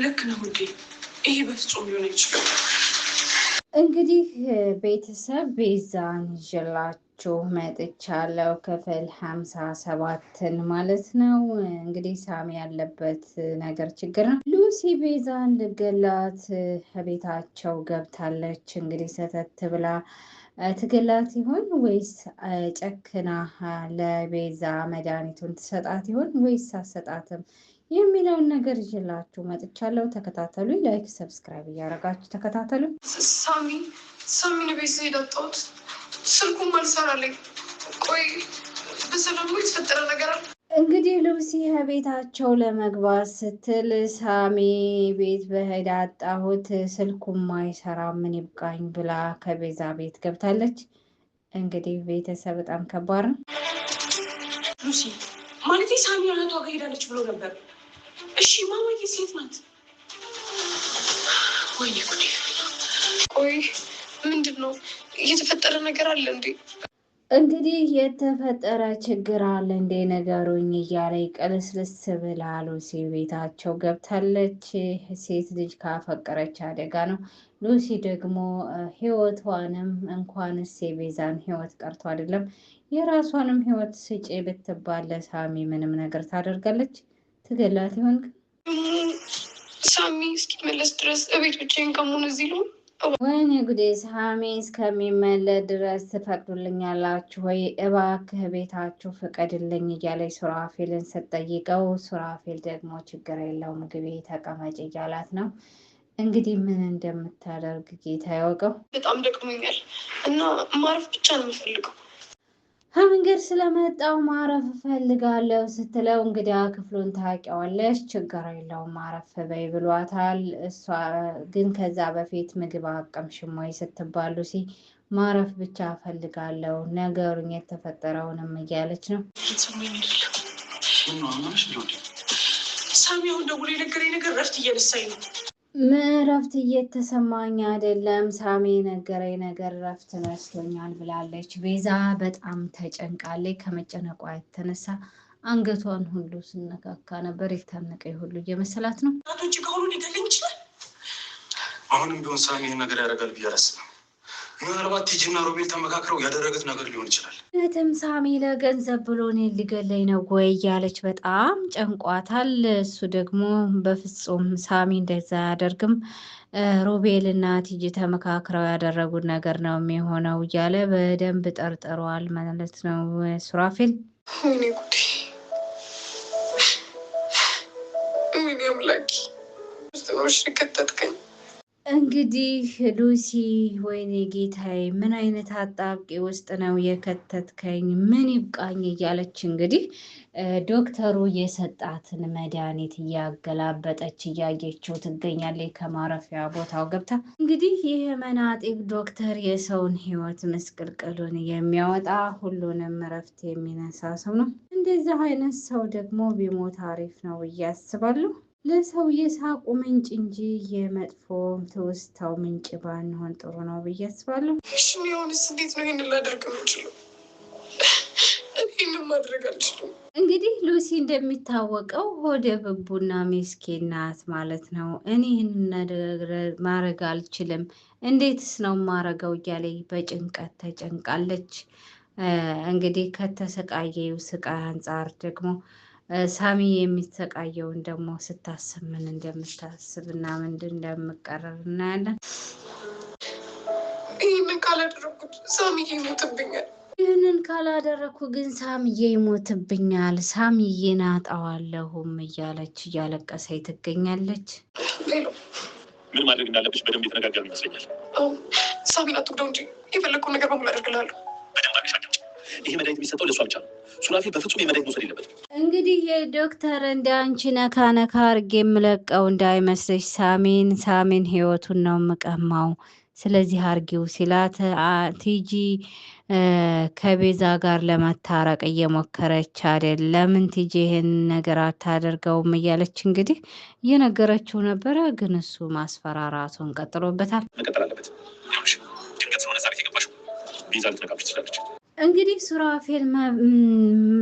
ልክ ነው እንዴ? ይሄ በፍጹም ሊሆን አይችልም። እንግዲህ ቤተሰብ ቤዛን ይዤላችሁ መጥቻለሁ። ክፍል ሀምሳ ሰባትን ማለት ነው። እንግዲህ ሳሚ ያለበት ነገር ችግር ነው። ሉሲ ቤዛን ልገላት ቤታቸው ገብታለች። እንግዲህ ሰተት ብላ ትግላት ይሆን ወይስ ጨክና ለቤዛ መድኃኒቱን ትሰጣት ይሆን ወይስ አሰጣትም የሚለውን ነገር ይዤላችሁ መጥቻለሁ። ተከታተሉኝ። ላይክ፣ ሰብስክራይብ እያደረጋችሁ ተከታተሉ። ሳሚ ሳሚን ቤት ስሄድ አጣሁት። ስልኩም አልሰራልኝ። ቆይ በሰላሙ የተፈጠረ ነገር አለ። እንግዲህ ሉሲ ከቤታቸው ለመግባት ስትል ሳሚ ቤት በሄድ አጣሁት፣ ስልኩም አይሰራም፣ ምን ይብቃኝ ብላ ከቤዛ ቤት ገብታለች። እንግዲህ ቤተሰብ በጣም ከባድ ነው። ሉሲ ማለት ሳሚ እህቷ ጋ ሄዳለች ብሎ ነበር እሺ ማማዬ ሴት ናት። ወይኔ ጉዴ! ቆይ ምንድን ነው እየተፈጠረ ነገር አለ እንዴ? እንግዲህ የተፈጠረ ችግር አለ እንዴ ነገሩኝ እያለ ቅልስልስ ብላ ሉሲ ቤታቸው ገብታለች። ሴት ልጅ ካፈቀረች አደጋ ነው። ሉሲ ደግሞ ሕይወቷንም እንኳንስ የቤዛን ሕይወት ቀርቶ አይደለም የራሷንም ሕይወት ስጪ ብትባል ለሳሚ ምንም ነገር ታደርጋለች። ትገላት ይሆን? ሳሚ እስኪመለስ ድረስ እቤት ብቻዬን ከመሆን እዚህ ልሁን። ወይኔ ጉዴ! ሳሚ እስከሚመለስ ድረስ ትፈቅዱልኛላችሁ ወይ? እባክህ ቤታችሁ ፍቀድልኝ እያለች ሱራፌልን ስትጠይቀው ሱራፌል ደግሞ ችግር የለው ምግቤ ተቀመጭ እያላት ነው። እንግዲህ ምን እንደምታደርግ ጌታ ያወቀው። በጣም ደክሞኛል እና ማረፍ ብቻ ነው የምፈልገው ከመንገድ ስለመጣው ማረፍ እፈልጋለሁ ስትለው እንግዲያ ክፍሉን ታውቂዋለች፣ ችግር የለውም ማረፍ በይ ብሏታል። እሷ ግን ከዛ በፊት ምግብ አቀምሽም ወይ ስትባሉ ሲ ማረፍ ብቻ እፈልጋለሁ ነገሩን የተፈጠረውንም እያለች ነው። ሳሚ አሁን ደውሎ የነገረኝ ነገር እረፍት እየነሳኝ ነው እረፍት እየተሰማኝ አይደለም። ሳሚ የነገረኝ ነገር እረፍት ነስቶኛል ብላለች። ቤዛ በጣም ተጨንቃለች። ከመጨነቋ የተነሳ አንገቷን ሁሉ ስነካካ ነበር። የታነቀ ሁሉ እየመሰላት ነው። አሁንም ቢሆን ሳሚ ነገር ያደርጋል ብዬ አላስብም። ምናልባት ቲጂና ሮቤል ተመካክረው ያደረገት ነገር ሊሆን ይችላል። እህትም ሳሚ ለገንዘብ ብሎ እኔን ሊገለኝ ነው ወይ እያለች በጣም ጨንቋታል። እሱ ደግሞ በፍጹም ሳሚ እንደዛ አያደርግም፣ ሮቤልና ቲጂ ተመካክረው ያደረጉት ነገር ነው የሚሆነው እያለ በደንብ ጠርጥሯል ማለት ነው ሱራፌል ወይኔ እንግዲህ ሉሲ ወይኔ ጌታዬ ምን አይነት አጣብቂ ውስጥ ነው የከተትከኝ? ምን ይብቃኝ እያለች እንግዲህ ዶክተሩ የሰጣትን መድኃኒት እያገላበጠች እያየችው ትገኛለች። ከማረፊያ ቦታው ገብታ እንግዲህ ይህ መናጢብ ዶክተር የሰውን ሕይወት ምስቅልቅሉን የሚያወጣ ሁሉንም እረፍት የሚነሳ ሰው ነው። እንደዚህ አይነት ሰው ደግሞ ቢሞት አሪፍ ነው እያስባለሁ። ለሰው የሳቁ ምንጭ እንጂ የመጥፎ ትውስታው ምንጭ ባንሆን ጥሩ ነው ብዬ አስባለሁ። እሺ ሚሆንስ እንዴት ነው? ይህን ላደርግ ምችለው ይህን ማድረግ አልችልም። እንግዲህ ሉሲ እንደሚታወቀው ሆደ ብቡና ምስኪን ናት ማለት ነው። እኔ ይህንን ማድረግ አልችልም፣ እንዴትስ ነው ማረገው እያለ በጭንቀት ተጨንቃለች። እንግዲህ ከተሰቃየው ስቃይ አንጻር ደግሞ ሳሚ የሚሰቃየውን ደግሞ ስታስብ ምን እንደምታስብ እና ምንድን እንደምቀረር እናያለን። ይህንን ካላደረኩት ሳሚ ይሞትብኛል። ይህንን ካላደረኩ ግን ሳሚዬ ይሞትብኛል፣ ሳሚዬን አጣዋለሁም እያለች እያለቀሰ ትገኛለች። ምን ማድረግ እንዳለብሽ በደንብ የተነጋገር ይመስለኛል። ሳሚን አትጉዳው እንጂ የፈለግከው ነገር በሙሉ አደርግልሃለሁ ይሄ መድኃኒት የሚሰጠው ለእሷ ብቻ ነው። ሱራፌ በፍጹም የመድኃኒት መውሰድ የለበትም። እንግዲህ የዶክተር እንደ አንቺ ነካ ነካ አድርጌ የምለቀው እንዳይመስለሽ፣ ሳሚን ሳሚን ህይወቱን ነው የምቀማው ስለዚህ አርጊው ሲላት ቲጂ ከቤዛ ጋር ለመታረቅ እየሞከረች አይደል? ለምን ቲጂ ይህን ነገር አታደርገውም እያለች እንግዲህ እየነገረችው ነበረ። ግን እሱ ማስፈራራቱን ቀጥሎበታል። መቀጠል አለበት። ድንገት ስለሆነ ዛሬ የገባሽው ቤዛ ልትነቃብሽ ትችላለች። እንግዲህ ሱራፌል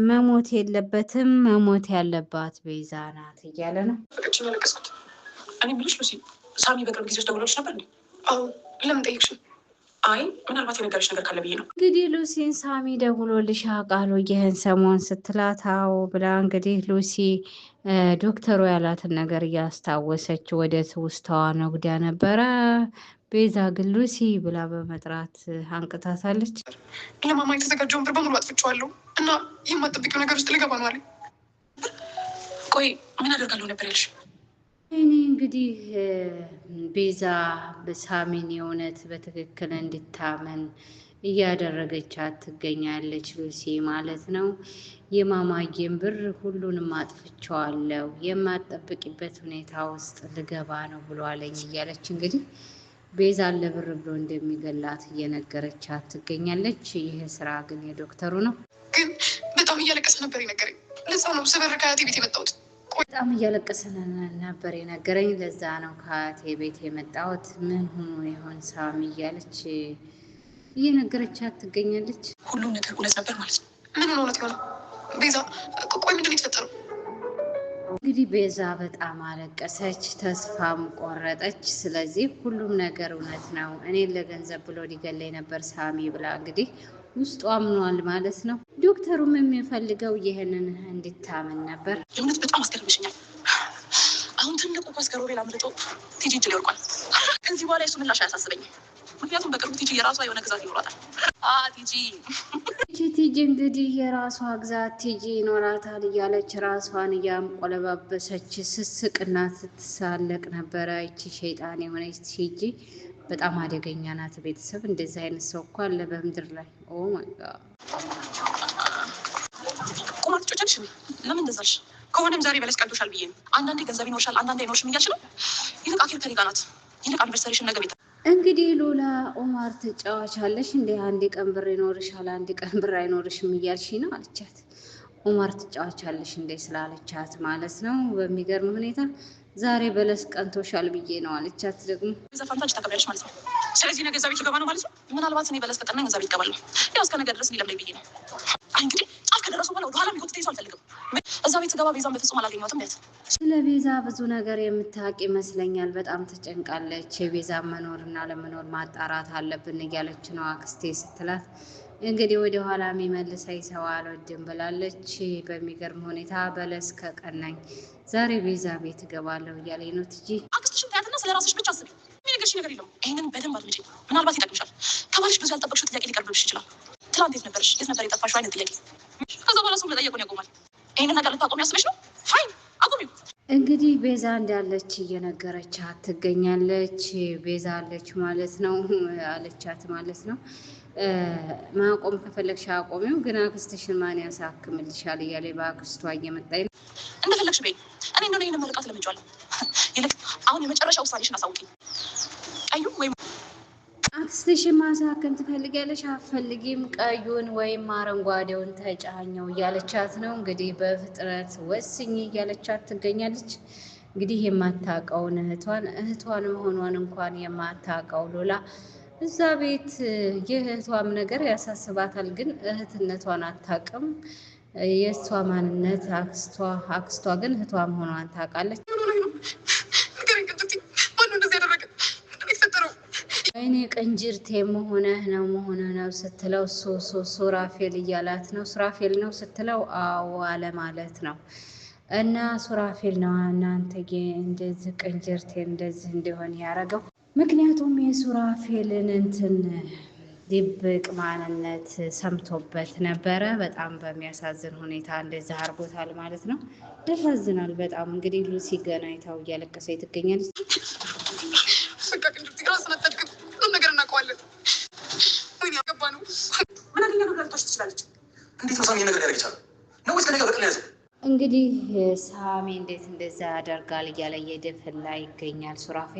መሞት የለበትም፣ መሞት ያለባት ቤዛ ናት እያለ ነው። እኔ የምልሽ ሳሚ በቅርብ ጊዜ ደውሎልሽ ነበር? ለምን ጠየቅሽኝ? አይ ምናልባት የነገረች ነገር ካለ ብዬ ነው። እንግዲህ ሉሲን ሳሚ ደውሎልሽ ቃሉ ይህን ሰሞን ስትላት አዎ ብላ እንግዲህ ሉሲ ዶክተሩ ያላትን ነገር እያስታወሰች ወደ ትውስታዋ ነጉዳ ነበረ። ቤዛ ግን ሉሲ ብላ በመጥራት አንቅታታለች። ለማማ የተዘጋጀውን ብር በሙሉ አጥፍቼዋለሁ እና ይህ አጠብቂው ነገር ውስጥ ልገባ ነው አለ። ቆይ ምን አደርጋለሁ ነበር ያልሽ? እኔ እንግዲህ ቤዛ በሳሚን የእውነት በትክክል እንድታመን እያደረገቻት ትገኛለች ሉሲ ማለት ነው። የማማዬን ብር ሁሉንም አጥፍቼዋለሁ የማጠብቅበት ሁኔታ ውስጥ ልገባ ነው ብሎ አለኝ እያለች እንግዲህ ቤዛን ለብር ብሎ እንደሚገላት እየነገረቻት ትገኛለች። ይህ ስራ ግን የዶክተሩ ነው። ግን በጣም እያለቀሰ ነበር የነገረኝ። ለዛ ነው ስበር ከአያቴ ቤት የመጣሁት በጣም እያለቀሰ ነበር የነገረኝ። ለዛ ነው ከአያቴ ቤት የመጣሁት። ምን ሆኖ ይሆን ሳም እያለች እየነገረቻት ትገኛለች። ሁሉም ነገር እውነት ነበር ማለት ነው። ምን እውነት ይሆነ ቤዛ? ቆይ ምንድን ነው የተፈጠረው? እንግዲህ ቤዛ በጣም አለቀሰች፣ ተስፋም ቆረጠች። ስለዚህ ሁሉም ነገር እውነት ነው፣ እኔን ለገንዘብ ብሎ ሊገለኝ ነበር ሳሚ ብላ እንግዲህ ውስጡ አምኗል ማለት ነው። ዶክተሩም የሚፈልገው ይህንን እንድታምን ነበር። የእውነት በጣም አስገርምሽኛል። አሁን ትልቁ ኳስከሮ ሌላ ምርጦ ቲጂ እጅ ከዚህ በኋላ የሱ ምላሽ አያሳስበኝ፣ ምክንያቱም በቅርቡ ቲጂ የራሷ የሆነ ግዛት ይኖራታል። ቲጂ ቲጂ እንግዲህ የራሷ ግዛት ቲጂ ይኖራታል እያለች ራሷን እያንቆለባበሰች ስስቅና ስትሳለቅ ነበረ። ይቺ ሸይጣን የሆነች ቲጂ በጣም አደገኛ ናት። ቤተሰብ እንደዚህ አይነት ሰው እኮ አለ በምድር ላይ ኦ ማይ ጋድ። ቁማት ጮጨልሽ ለምን እንደዛልሽ? ከሆነም ዛሬ በለስ ቀልዶሻል ብዬ ነው። አንዳንዴ ገንዘብ ይኖርሻል፣ አንዳንዴ አይኖርሽም እያልሽ ነው። ይልቅ አኪር ከኔ ጋር ናት። ይልቅ አንቨርሰሪሽን ነገ ቤት እንግዲህ ሉላ ኦማር ትጫዋቻለሽ እንደ አንድ ቀን ብር ይኖርሻል፣ አንድ ቀን ብር አይኖርሽም እያልሽ ነው አለቻት። ኦማር ትጫዋቻለሽ እንደ ስላለቻት ማለት ነው በሚገርም ሁኔታ ዛሬ በለስ ቀንቶሻል ብዬ ነው አለቻት። ደግሞ ዘፋንታች ታቀብያለች ማለት ነው። ስለዚህ ነገ እዛ ቤት ይገባ ነው ማለት ነው። ምናልባት እኔ በለስ ቀጠና እዛ ቤት ነው። ያው እስከ ነገ ድረስ ሊለምደኝ ብዬ ነው። አይ እንግዲህ ጫፍ ከደረሱ በኋላ ወደኋላ ሚጎት ሰው አልፈልግም። እዛ ቤት ገባ ቤዛን በፍጹም አላገኘትም። ያት ስለ ቤዛ ብዙ ነገር የምታውቅ ይመስለኛል። በጣም ተጨንቃለች። የቤዛ መኖርና ለመኖር ማጣራት አለብን እያለች ነው አክስቴ ስትላት እንግዲህ ወደ ኋላ የሚመልሰኝ ሰው አልወድም ብላለች። በሚገርም ሁኔታ በለስ ከቀናኝ ዛሬ ቤዛ ቤት እገባለሁ እያለኝ ነው። ትጂ አክስትሽን ጠያትና ስለ ራስሽ ብቻ አስቢ። የሚነገርሽ ነገር የለውም። ይህንን በደንብ አድምጪ፣ ምናልባት ይጠቅምሻል። ከባልሽ ብዙ ያልጠበቅሽው ጥያቄ ሊቀርብብሽ ይችላል። ትላንት የት ነበርሽ? የት ነበር የጠፋሽው? አይነት ጥያቄ ከዛ በኋላ ሰው መጠየቁን ያቆማል። ይህንን ነገር ልታቆሚ ያስበሽ ነው ፋይን እንግዲህ ቤዛ እንዳለች እየነገረቻት ትገኛለች። ቤዛ አለች ማለት ነው አለቻት ማለት ነው። ማቆም ከፈለግሽ አቆሚው፣ ግን አክስትሽን ማን ያሳክምልሻል እያለ በአክስቷ እየመጣኝ ነው። እንደፈለግሽ በይ፣ እኔ እንደሆነ ይህን ምርቃት ለምንጫዋለሁ። ይልቅ አሁን የመጨረሻ ውሳኔሽን አሳውቂ አዩ ወይም አክስትሽን ማሳከም ትፈልጊያለሽ? አፈልጊም ቀዩን ወይም አረንጓዴውን ተጫኘው እያለቻት ነው እንግዲህ በፍጥነት ወስኝ እያለቻት ትገኛለች። እንግዲህ የማታውቀውን እህቷን እህቷን መሆኗን እንኳን የማታውቀው ሎላ እዛ ቤት የእህቷም ነገር ያሳስባታል፣ ግን እህትነቷን አታውቅም። የእሷ ማንነት አክስቷ አክስቷ ግን እህቷ መሆኗን ታውቃለች። እኔ ቅንጅርቴ መሆንህ ነው መሆንህ ነው ስትለው ሱራፌል እያላት ነው። ሱራፌል ነው ስትለው አዎ አለ ማለት ነው። እና ሱራፌል ነው እናንተ ጌ እንደዚህ ቅንጅርቴ እንደዚህ እንዲሆን ያደረገው። ምክንያቱም የሱራፌልን እንትን ድብቅ ማንነት ሰምቶበት ነበረ። በጣም በሚያሳዝን ሁኔታ እንደዚህ አድርጎታል ማለት ነው። ያሳዝናል በጣም እንግዲህ ሉሲ ገና አይታው እያለቀሰ ትገኛለች። ትችላለች። እንዴት ነው ሳሚ ነገር ይቻላል? ነው ወይስ ከነገር በቀል ያዘው? እንግዲህ ሳሚ እንዴት እንደዛ ያደርጋል እያለ የድፍን ይገኛል። ሱራፌ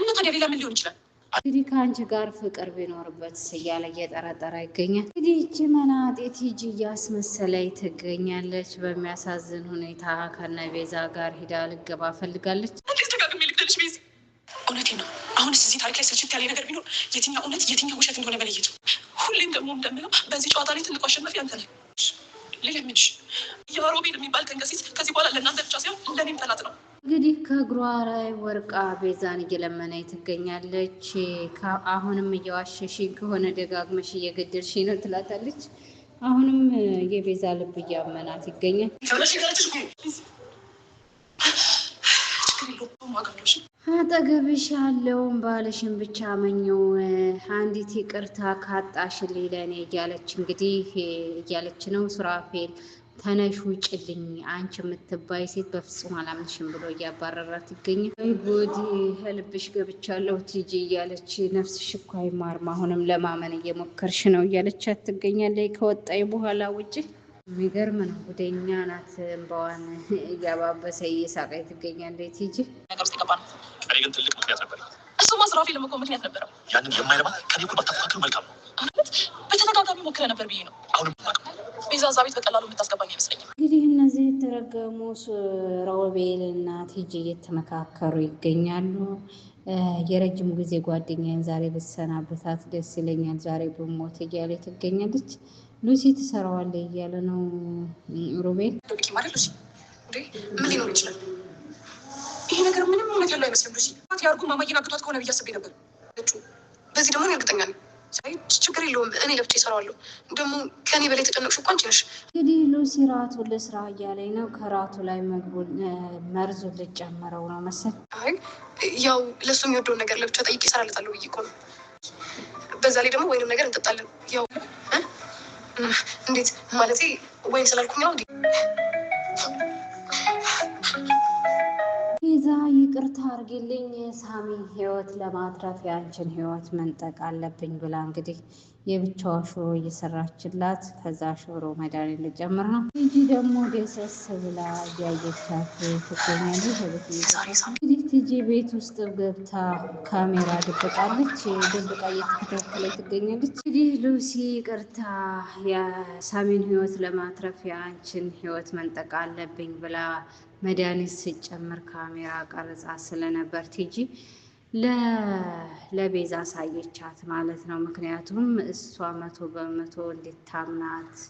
እና ታዲያ ሌላ ምን ሊሆን ይችላል? እንግዲህ ከአንቺ ጋር ፍቅር ቢኖርበት እያለ እየጠረጠረ ይገኛል። እንግዲህ እቺ መናጤት ሂጂ እያስመሰለኝ ትገኛለች። በሚያሳዝን ሁኔታ ከነ ቤዛ ጋር ሂዳ ልገባ ፈልጋለች። እውነቴ ነው። አሁንስ እዚህ ታሪክ ላይ ስልችት ያለ ነገር ቢኖር የትኛው እውነት የትኛው ውሸት እንደሆነ መለየቱ። ሁሌም ደግሞ እንደምለው በዚህ ጨዋታ ላይ ትልቁ አሸናፊ አንተ ነህ። ልልምንሽ የሮቤል የሚባል ተንገሲት ከዚህ በኋላ ለእናንተ ብቻ ሳይሆን ለእኔም ጠላት ነው። እንግዲህ ከእግሯ ላይ ወርቃ ቤዛን እየለመነ ትገኛለች። አሁንም እየዋሸሽኝ ከሆነ ደጋግመሽ እየገደልሽ ነው ትላታለች። አሁንም የቤዛ ልብ እያመናት ይገኛል። አጠገብሽ ያለውን ባልሽን ብቻ መኘው አንዲት ይቅርታ ካጣሽ ሌለኔ እያለች እንግዲህ እያለች ነው ሱራፌል ተነሽ ውጭልኝ፣ አንቺ የምትባይ ሴት በፍጹም አላምንሽም ብሎ እያባረራት ይገኛል። ወይ ጉድ ህልብሽ ገብቻለሁ ቲጂ እያለች ነፍስሽ እኮ አይማርም፣ አሁንም ለማመን እየሞከርሽ ነው እያለች ትገኛለች። ከወጣይ በኋላ ውጭ የሚገርም ነው። ወደኛ ናት እንባዋን እያባበሰ እየሳቀ ትገኛለች። እንዴት እሱማ ስራ በቀላሉ እንግዲህ እነዚህ የተረገሙ ሮቤል እና ቲጂ እየተመካከሩ ይገኛሉ። የረጅም ጊዜ ጓደኛዬን ዛሬ ብሰናበታት ደስ ይለኛል፣ ዛሬ ብሞት እያለ ትገኛለች። ሉሲ ትሰራዋለ እያለ ነው ሩቤል። ምን ሊኖር ይችላል? ይሄ ነገር ምንም እውነት ያለው አይመስልም። ሉሲ ያርጉ ማማየን አግቷት ከሆነ ብዬ አስቤ ነበር። በዚህ ደግሞ እርግጠኛ ነኝ። ችግር የለውም እኔ ለብቻ ይሰራዋለሁ። ደግሞ ከኔ በላይ የተጨነቅሽ እኮ አንቺ ነሽ። እንግዲህ ሉሲ እያለኝ ነው። ከራቱ ላይ ምግቡን መርዙን ልጨምረው ነው መሰል። አይ ያው ለሱ የሚወደውን ነገር ለብቻ ጠይቄ ይሰራለታለሁ ብዬ እኮ ነው። በዛ ላይ ደግሞ ወይንም ነገር እንጠጣለን ያው እንዴት ማለት ወይ ስላልኩኝ ነው። ቤዛ ይቅርታ አርግልኝ፣ ሳሚ ህይወት ለማትረፍ የአንችን ህይወት መንጠቅ አለብኝ ብላ እንግዲህ የብቻዋ ሽሮ እየሰራችላት ከዛ ሽሮ መድኃኒት ልጨምር ነው። ልጅ ደግሞ ደሰስ ብላ እያየቻት ትገኛለች። ቲጂ ቤት ውስጥ ገብታ ካሜራ ደብቃለች። ደብቃ እየተከታተለች ትገኛለች። እንግዲህ ሉሲ ቅርታ የሳሚን ህይወት ለማትረፍ የአንችን ህይወት መንጠቅ አለብኝ ብላ መድኃኒት ስጨምር ካሜራ ቀረጻ ስለነበር ቲጂ ለቤዛ አሳየቻት ማለት ነው። ምክንያቱም እሷ መቶ በመቶ እንድታምናት